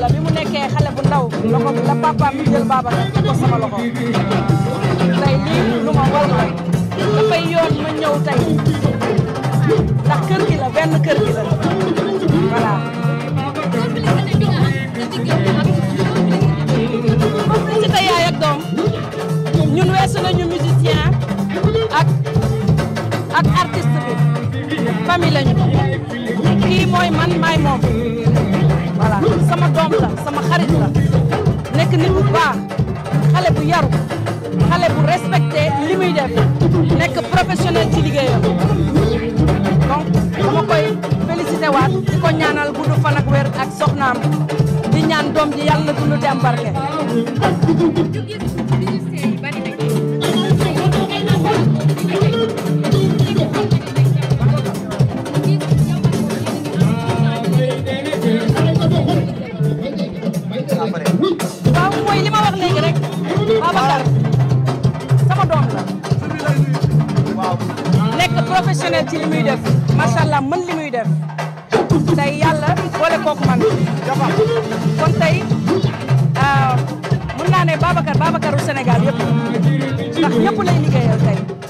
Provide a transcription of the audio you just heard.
la bi mu nekkee xale bu ndaw loxo bi la papaam mi jël baaba teg ko sama loxo tey lii lu ma war la dafay yoon ma ñëw tey ndax kër gi la benn kër gi la voilà ci tey yaay ak doom ñun weesu nañu musicien ak ak artiste bi famille lañu kii mooy man maay moom sama dom la sama xarit la nek nit bu baax xalé bu yar xalé bu respecté limuy def nek professionnel ci liggéeyam donc dama koy féliciter wat diko ko ñaanal gudd fan ak wër ak soxnam di ñaan dom ji yalla na dund te Abacar sama doom la waaw nekk professionnel ci li muy def macha allah mën li muy def tey yàlla boole kook man kon tey euh, mun naa ne Babacar Babacaru Sénégal yëpp ndax ñëpp lay liggéeyal tey